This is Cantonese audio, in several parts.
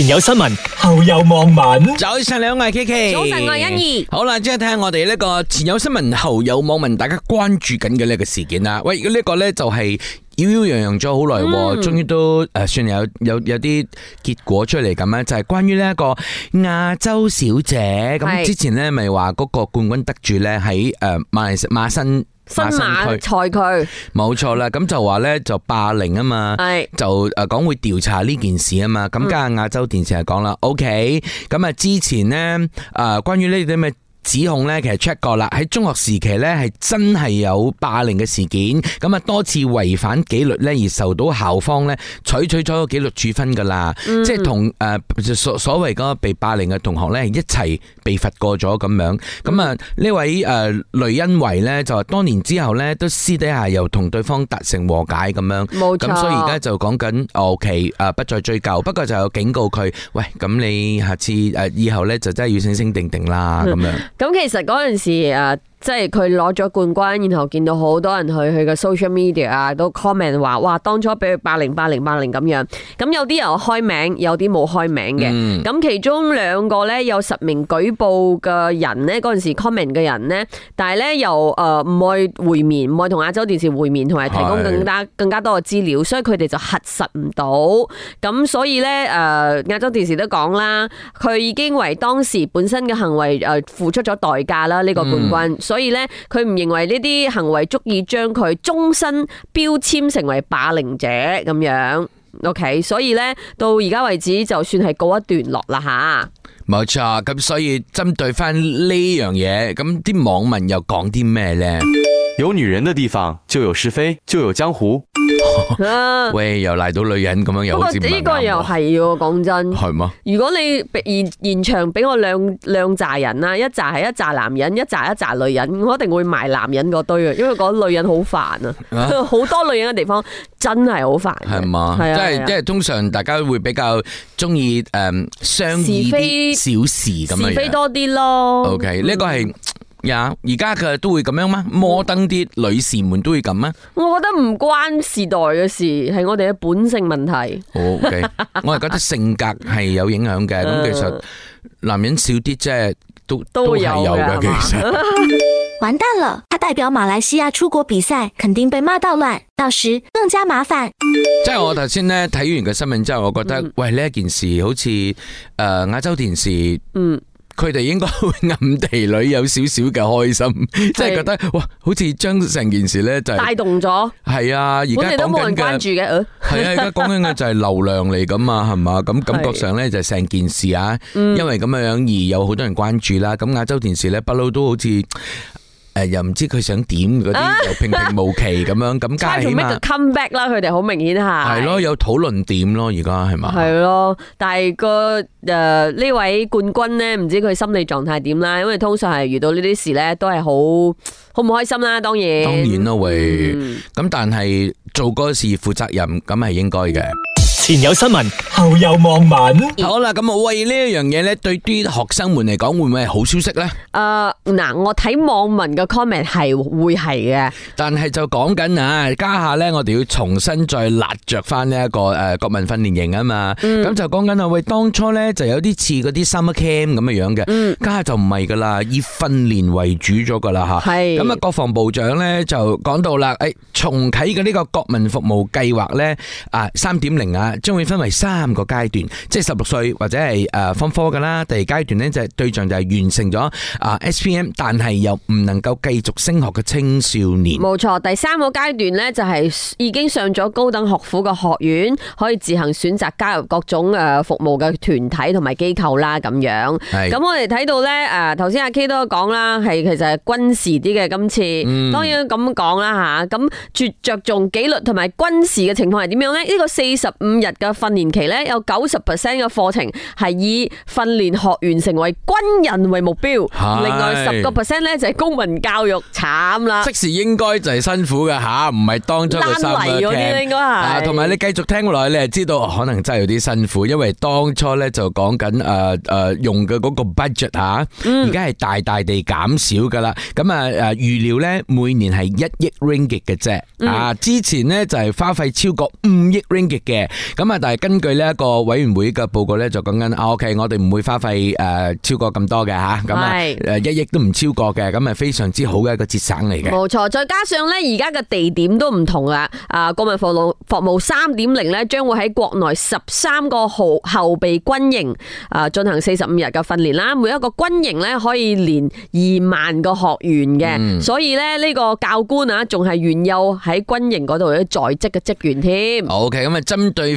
前有新聞，後有網民。早晨，兩位 KK，早晨，欣宜。好啦，即係睇下我哋呢個前有新聞，後有網民，大家關注緊嘅呢個事件啦。喂，呢個咧就係妖妖揚揚咗好耐，終於都誒算有有有啲結果出嚟咁啊！就係關於呢個亞洲小姐咁，之前咧咪話嗰個冠軍得主咧喺誒馬尼馬新。新馬區賽區冇錯啦，咁就話咧就霸凌啊嘛，是的 就誒講會調查呢件事啊嘛，咁家亞洲電視係講啦，OK，咁啊之前咧誒、呃、關於呢啲咩指控咧，其實 check 過啦，喺中學時期咧係真係有霸凌嘅事件，咁啊多次違反紀律咧而受到校方咧採取咗紀律處分噶啦，嗯、即係同誒所所謂嗰個被霸凌嘅同學咧一齊被罰過咗咁樣，咁啊呢位誒、呃、雷欣蕙咧就話多年之後咧都私底下又同對方達成和解咁樣，冇咁沒錯、啊、所以而家就講緊 OK 誒不再追究，不過就有警告佢，喂咁你下次誒以後咧就真係要醒醒定定啦咁樣。 咁其實嗰陣時啊～、uh 即係佢攞咗冠軍，然後見到好多人去佢個 social media 啊，都 comment 話，哇，當初比如八零八零八零咁樣，咁有啲人開名，有啲冇開名嘅。咁、嗯、其中兩個咧，有十名舉報嘅人,人呢，嗰陣時 comment 嘅人呢，但係咧又誒唔會會面，唔會同亞洲電視會面，同埋提供更加更加多嘅資料，所以佢哋就核實唔到。咁所以咧，誒、呃、亞洲電視都講啦，佢已經為當時本身嘅行為誒、呃、付出咗代價啦，呢、這個冠軍。嗯所以咧，佢唔認為呢啲行為足以將佢終身標籤成為霸凌者咁樣。OK，所以咧，到而家為止，就算係告一段落啦吓。冇錯，咁所以針對翻呢樣嘢，咁啲網民又講啲咩呢？有女人的地方就有是非，就有江湖。 喂，又嚟到女人咁樣，又覺得呢個又係喎。講真，係嗎？如果你現現場俾我兩兩紮人啦，people, 一紮係一紮男人，一紮一紮女人，我一定會埋男人嗰堆啊，因為嗰女人好煩啊，好 多女人嘅地方真係好煩。係嘛嗎？係啊。即係即係，通常大家會比較中意誒，是非小事咁樣是非多啲咯。OK，呢、嗯這個係。有而家佢都會咁樣嗎？摩登啲女士們都會咁咩？我覺得唔關時代嘅事，係我哋嘅本性問題。好 okay. 我係覺得性格係有影響嘅。咁其實男人少啲，即係都都有嘅。其實、啊、 完蛋啦，他代表馬來西亞出國比賽，肯定被罵到亂，到時更加麻煩。即係我頭先咧睇完嘅新聞之後，我覺得、嗯、喂呢一件事好似誒亞洲電視嗯。佢哋應該會暗地裏有少少嘅開心，是即係覺得哇，好似將成件事咧就帶、是、動咗。係啊，而家講緊關注嘅，係、呃、啊，而家講緊嘅就係流量嚟咁啊，係嘛？ 咁感覺上咧就係成件事啊，是因為咁嘅樣而有好多人關注啦。咁、嗯、亞洲電視咧，不嬲都好似。誒，又唔知佢想點，嗰啲， 又平平無奇咁樣，咁加起碼 come back 啦，佢哋好明顯下。係咯，有討論點咯，而家係嘛？係咯，但係、呢個誒呢、呃、位冠軍咧，唔知佢心理狀態點啦，因為通常係遇到呢啲事咧，都係好好唔開心啦，當然。當然都會，咁、嗯、但係做個事負責任，咁係應該嘅。前有新聞，後有網民。好啦，咁啊，為呢一樣嘢咧，對啲學生們嚟講，會唔會係好消息咧？誒，嗱，我睇網民嘅 comment 係會係嘅，但係就講緊啊，家下咧，我哋要重新再辣著翻呢一個誒國民訓練營啊嘛。咁就講緊啊，喂，當初咧就有啲似嗰啲 summer camp 咁嘅樣嘅，家下就唔係噶啦，以訓練為主咗噶啦吓。係咁啊，國防部長咧就講到啦，誒，重啟嘅呢個國民服務計劃咧啊，三點零啊。將會分為三個階段，即係十六歲或者係誒分科㗎啦。第二階段咧就係對象就係完成咗啊 S.P.M.SPM 但係又唔能夠繼續升學嘅青少年。冇錯，第三個階段咧就係已經上咗高等學府嘅學院，可以自行選擇加入各種誒服務嘅團體同埋機構啦。咁樣。係。咁我哋睇到咧誒頭先阿 K 都講啦，係其實係軍事啲嘅。今次當然咁講啦吓，咁絕着重紀律同埋軍事嘅情況係點樣咧？呢個四十五日嘅訓練期咧，有九十 percent 嘅課程係以訓練學員成為軍人為目標。另外十個 percent 咧就係公民教育，慘啦！即時應該就係辛苦嘅嚇，唔係當初嘅 Summer Camp 嗰啲應該係。啊，同埋你繼續聽落去，你係知道可能真係有啲辛苦，因為當初咧就講緊誒誒用嘅嗰個 budget 嚇，而家係大大地減少噶啦。咁啊誒預料咧每年係一億 Ringgit 嘅啫。啊，之前咧就係花費超過五億 Ringgit 嘅。咁啊！但係根據呢一個委員會嘅報告咧，就講緊啊，OK，我哋唔會花費誒超過咁多嘅嚇，咁啊誒一億都唔超過嘅，咁啊非常之好嘅一個節省嚟嘅。冇錯，再加上咧而家嘅地點都唔同啦，啊國民服務服務三點零咧將會喺國內十三個後後備軍營啊進行四十五日嘅訓練啦，每一個軍營咧可以連二萬個學員嘅，所以咧呢個教官啊仲係原有喺軍營嗰度嘅在職嘅職員添。OK，咁啊針對。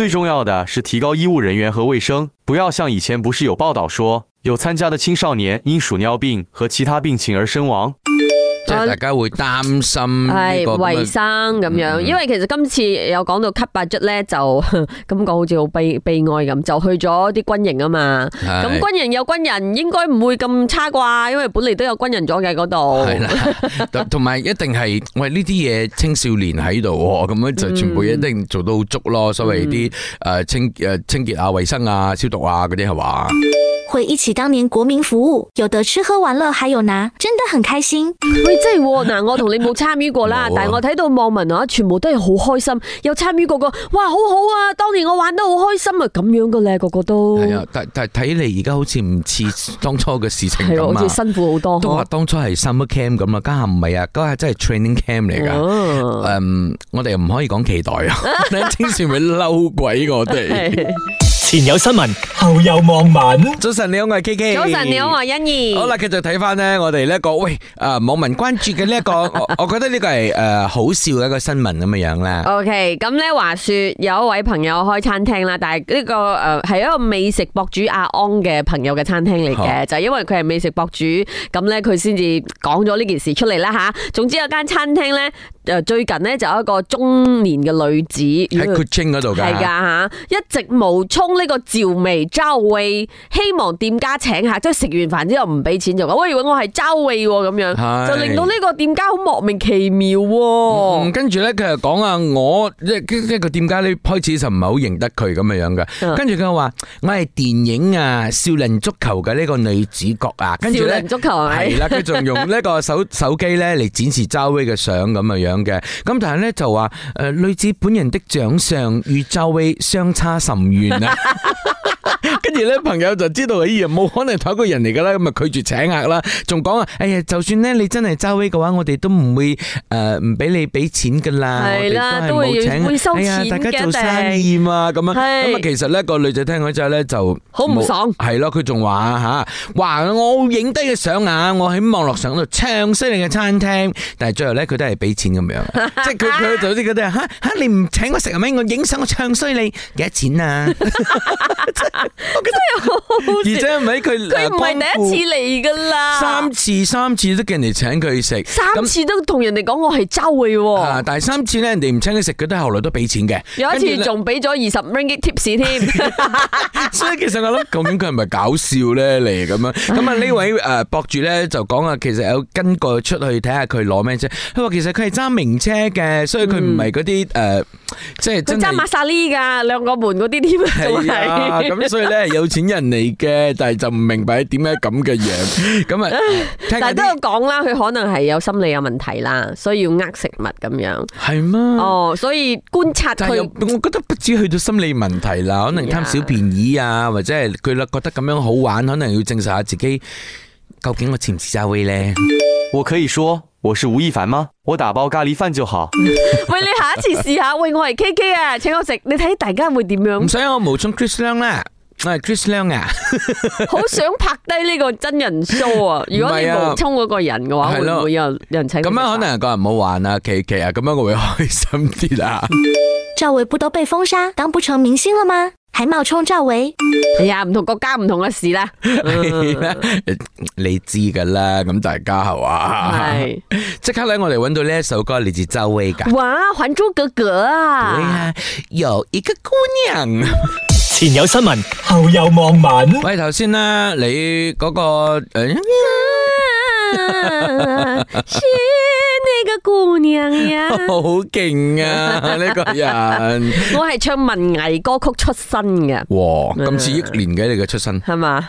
最重要的是提高醫務人員和衛生，不要像以前，不是有報道說有參加的青少年因鼠尿病和其他病情而身亡。大家會擔心呢、這個衛、哎、生咁樣，嗯、因為其實今次有講到吸白竹咧，就感覺好似好悲悲哀咁，就去咗啲軍營啊嘛。咁是軍營有軍人，應該唔會咁差啩，因為本嚟都有軍人咗嘅嗰度。係啦，同埋 一定係，喂呢啲嘢青少年喺度，咁樣就全部一定做到足咯。嗯、所謂啲誒清誒清潔啊、衛生啊、消毒啊嗰啲係嘛。回憶起當年國民服務，有得吃喝玩樂，還有拿，真的很開心。喂，真係嗱、呃，我同你冇參與過啦， 有啊、但係我睇到網民啊，全部都係好開心，又參與個個，哇，好好啊！當年我玩得好開心好像像 啊，咁樣噶咧，個個都係啊。但但睇嚟而家好似唔似當初嘅事情咁，好似辛苦好多。都話當初係 summer camp 咁啊，家下唔係啊，家下真係 training camp 嚟噶。嗯，我哋又唔可以講期待啊，你聽住會嬲鬼我哋。 前有新聞，後有網民。早晨你好，我係 K K。早晨你好，我係欣宜。好啦，繼續睇翻呢。我哋呢一個喂，誒、呃，網民關注嘅呢一個 我，我覺得呢個係誒、呃、好笑嘅一個新聞咁嘅樣咧。OK，咁呢話說有一位朋友開餐廳啦，但係呢個誒係一個美食博主阿安嘅朋友嘅餐廳嚟嘅。好就因為佢係美食博主，咁呢，佢先至講咗呢件事出嚟啦吓。總之有間餐廳呢。最近呢，就有一個中年嘅女子喺古晉嗰度，係噶吓，的啊、一直冒充呢個趙薇、周薇，希望店家請客，即係食完飯之後唔俾錢，就話喂，如果我係周薇咁樣，是就令到呢個店家好莫名其妙，哦。嗯，跟住咧佢又講啊，我即係即個店家咧開始就唔係好認得佢咁嘅樣嘅。跟住佢話我係電影啊《少林足球》嘅呢個女主角啊。跟住少林足球係咪？係啦，佢仲用呢個手 手機咧嚟展示周薇嘅相咁嘅樣。嘅，咁但係咧就話，誒、呃，女子本人的長相與周威相差甚遠啊。 跟住咧，朋友就知道哎呀，冇可能睇一個人嚟噶啦，咁啊拒絕請客啦，仲講啊，哎呀，就算咧你真係周圍嘅話，我哋都唔會誒唔俾你俾錢噶啦，我哋都係冇請，哎呀，大家做生意嘛，咁樣咁啊，其實咧個女仔聽咗之後咧就好唔爽，係咯，佢仲話吓話我影低嘅相啊，我喺網絡上度唱衰你嘅餐廳，但係最後咧佢都係俾錢咁樣，即係佢佢總之佢都係吓吓你唔請我食啊咩，我影相我唱衰你，幾多錢啊？ 我覺得而且咪佢，佢唔係第一次嚟噶啦，三次三次都叫人哋請佢食，三次都同人哋講我係周嘅。啊，但係三次咧，人哋唔請佢食，佢都後來都俾錢嘅。有一次仲俾咗二十 ringgit tips 添 。 所以其實我諗究竟佢係咪搞笑咧嚟咁樣？咁啊呢位誒博主咧就講啊，其實有跟過出去睇下佢攞咩車。佢話其實佢係揸名車嘅，所以佢唔係嗰啲誒，即係揸瑪莎拉蒂噶，兩個門嗰啲添。 所以咧，有錢人嚟嘅，但係就唔明白點解咁嘅樣，樣。咁 啊、嗯， 但係都有講啦，佢可能係有心理有問題啦，所以要呃食物咁樣。係咩嗎？哦，所以觀察佢。我覺得不止去到心理問題啦，可能貪小便宜啊，或者係佢啦覺得咁樣好玩，可能要證實下自己究竟我潛在威咧。我可以說。我是吳亦凡嗎？我打包咖喱飯就好。 喂，你下一次試下喂，我係 K K 啊，請我食，你睇大家會點樣？唔使我冒充 Chris l a e 啦，我係 Chris l a e 啊，好 想拍低呢個真人 show 啊！如果你冒充嗰個人嘅話， 啊、會唔會有人請？咁樣可能個人唔好玩啊，琪琪啊，咁樣我會開心啲啊！趙 薇不都被封殺，當不成明星了嗎？喺冒充周圍，係啊，唔同國家唔同嘅事啦。你知噶啦，咁大家係嘛？係，即刻咧，我哋揾到呢一首歌嚟自周圍噶。哇，《還珠格格》啊，有一個姑娘，前有新聞，後有網民。喂，頭先啦，你嗰個誒。姑娘呀，好勁啊！呢個人，我係唱文藝歌曲出身嘅。哇，咁似億年嘅你嘅出身係嘛？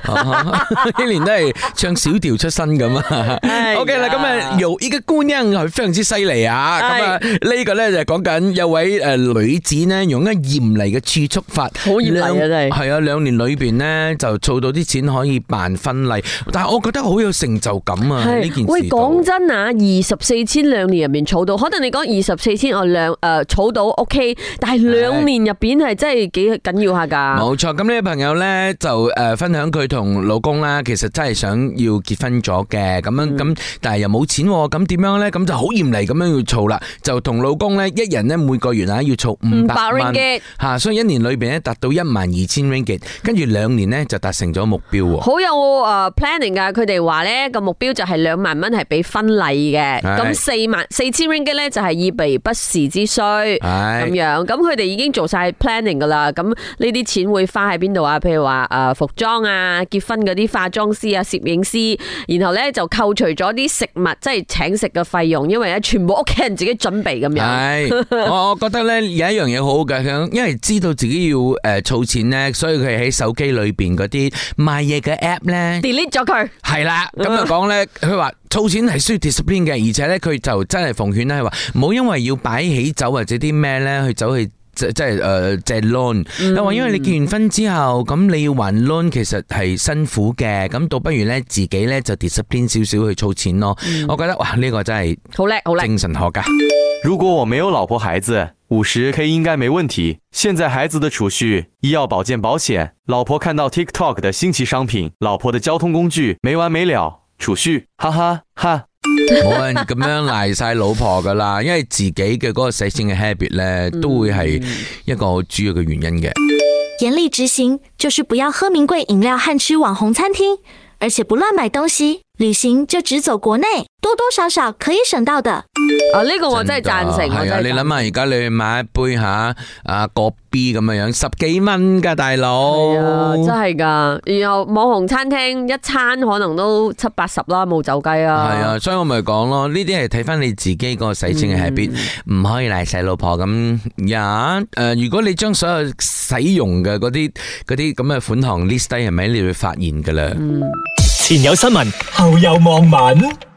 億年都係唱小調出身咁啊。OK 啦，咁啊，由呢個姑娘係非常之犀利啊。咁啊，呢個咧就係講緊有位誒女子咧，用一嚴厲嘅儲蓄法，好嚴厲啊！真係係啊，兩年裏邊咧就儲到啲錢可以辦婚禮，但係我覺得好有成就感啊！呢件事喂，講真啊，二十四千兩年。入面儲到，可能你講二十四千，我兩誒儲到 OK，但係兩年入邊係真係幾緊要下㗎。冇錯，咁呢位朋友咧就誒分享佢同老公咧，其實真係想要結婚咗嘅，咁樣咁，但係又冇錢喎，咁點樣咧？咁就好嚴厲咁樣要儲啦，就同老公咧一人咧每個月啊要儲五百蚊嚇，所以一年裏邊咧達到一萬二千 ringgit，跟住兩年咧就達成咗目標喎。好有誒 planning 㗎，佢哋話咧個目標就係兩萬蚊係俾婚禮嘅，咁四萬。四千 ringgit 咧就係以備不時之需咁是樣，咁佢哋已經做晒 planning 噶啦，咁呢啲錢會花喺邊度啊？譬如話誒服裝啊，結婚嗰啲化妝師啊、攝影師，然後咧就扣除咗啲食物，即係請食嘅費用，因為咧全部屋企人自己準備咁樣。係是， 我我覺得咧有一樣嘢好好嘅，佢因為知道自己要誒儲、呃、錢咧，所以佢喺手機裏邊嗰啲賣嘢嘅 app 咧 delete 咗佢。係啦，咁就講咧，佢話。儲錢係需要 discipline 嘅，而且咧佢就真係奉勸咧，係話唔好因為要擺起酒或者啲咩咧去走去即係誒借 loan。又、呃、話、就是嗯、因為你結完婚之後，咁你要還 loan 其實係辛苦嘅，咁倒不如咧自己咧就 discipline 少少去儲錢咯。嗯、我覺得哇，呢、這個真係好叻，好精神好噶。如果我沒有老婆、孩子，五十 k 應該沒問題。現在孩子的儲蓄、醫藥、保健、保險，老婆看到 TikTok 的新奇商品，老婆的交通工具沒完沒了。.儲蓄，哈哈哈，冇人咁樣賴晒老婆噶啦，因為自己嘅嗰個洗錢嘅 habit 咧，都會係一個主要嘅原因嘅。嗯、 嚴厲執行，就是不要喝名貴飲料和吃網紅餐廳，而且不亂買東西。旅行就只走國內，多多少少可以省到的。啊，呢、這個我真係贊成。係的啊，你諗下而家你買一杯下啊個 B 咁樣樣，十幾蚊噶，大佬。係啊，真係噶。然後網紅餐廳一餐可能都七八十啦，冇走雞啊。係啊，所以我咪講咯，呢啲係睇翻你自己個使錢係喺邊，唔、嗯、可以嚟細老婆咁人。誒、啊呃，如果你將所有使用嘅嗰啲嗰啲咁嘅款項 list 低係咪，你會發現噶啦。嗯。前有新聞，後有網民。